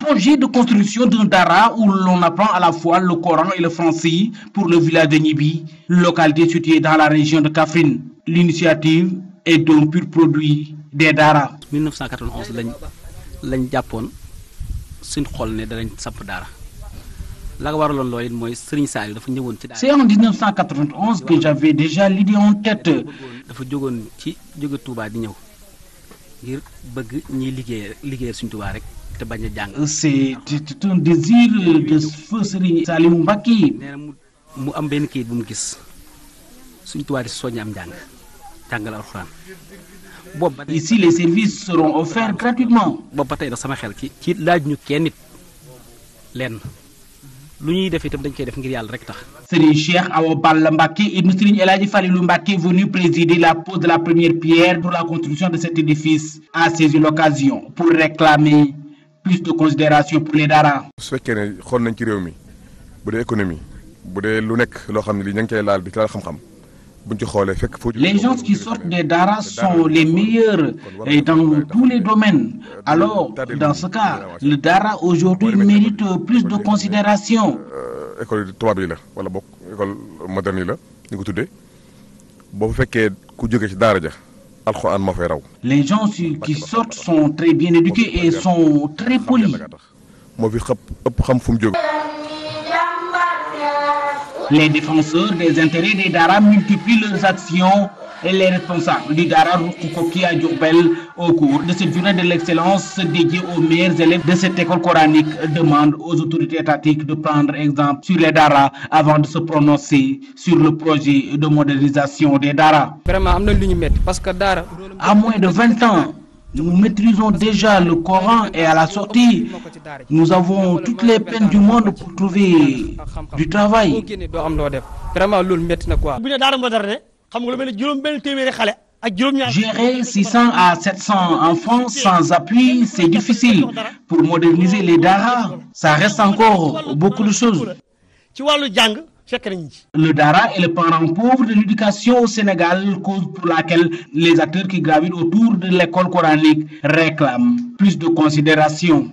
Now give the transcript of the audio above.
projet de construction d'un dara où l'on apprend à la fois le Coran et le français pour le village de Nibi, localité située dans la région de Kaffrine. L'initiative est donc pur produit des dara. 1991 lañ lañ jàppoon suñ xol ne danañ samp dara. la waraloon loolu it mooy Serigne Saliou dafa ñëwoon ci. c'est en 1991 que j'avais déjà l'idée en tête. dafa jógoon ci jóge Touba di ñëw ngir bëgg ñiy liggéey liggéeyal suñ Touba rek. te bañ a jàng. Euh, c'est un désir euh, de feu Serigne Saliou mu mu am benn kayit bu mu gis suñ tubaab di soññ am njàng jàngal alxuraan. boobu ba tey ici les services seront offerts nag sama xel ci ci laaj ñu kenn nit lenn lu ñuy def itam dañ koy def ngir yàlla rek tax. Serigne Cheikh Awa Balla Mbacké ibn Serigne El Hadji Falilou Mbacké venu présider la pose de la première pierre pour la construction de cet édifice a saisi l'occasion pour réclamer. plus de considération pour su fekkee ne xool nañ ci réew mi bu dee économie bu dee lu nekk loo xam ne li ña ngi koy laal di ci laal xam-xam. Les gens qui sortent des daras sont les meilleurs et dans tous les domaines. Alors, dans ce cas, le dara aujourd'hui mérite plus de considération. Euh, école tubaab yi la wala bokk école moderne la ñu ko tuddee boo fekkee ku jóge ci daara ja alxuraan moo fay raw. les gens qui sortent sont très bien éduqués et sont très polis. moo fi xëpp ëpp xam fu mu jógee. Les défenseurs des intérêts des Dara multiplient leurs actions et les responsables du Dara Rukukoki à Djourbel au cours de cette journée de l'excellence dédiée aux meilleurs élèves de cette école coranique demandent aux autorités étatiques de prendre exemple sur les Dara avant de se prononcer sur le projet de modernisation des Dara. À moins de 20 ans, Nous maîtrisons déjà le Coran et à la sortie, nous avons toutes les peines du monde pour trouver du travail. Gérer 600 à 700 enfants sans appui, c'est difficile. Pour moderniser les daras, ça reste encore beaucoup de choses. fekk nañu ci. Le Dara est le parent pauvre de l'éducation au Sénégal, cause pour laquelle les acteurs qui gravitent autour de l'école coranique réclament plus de considération.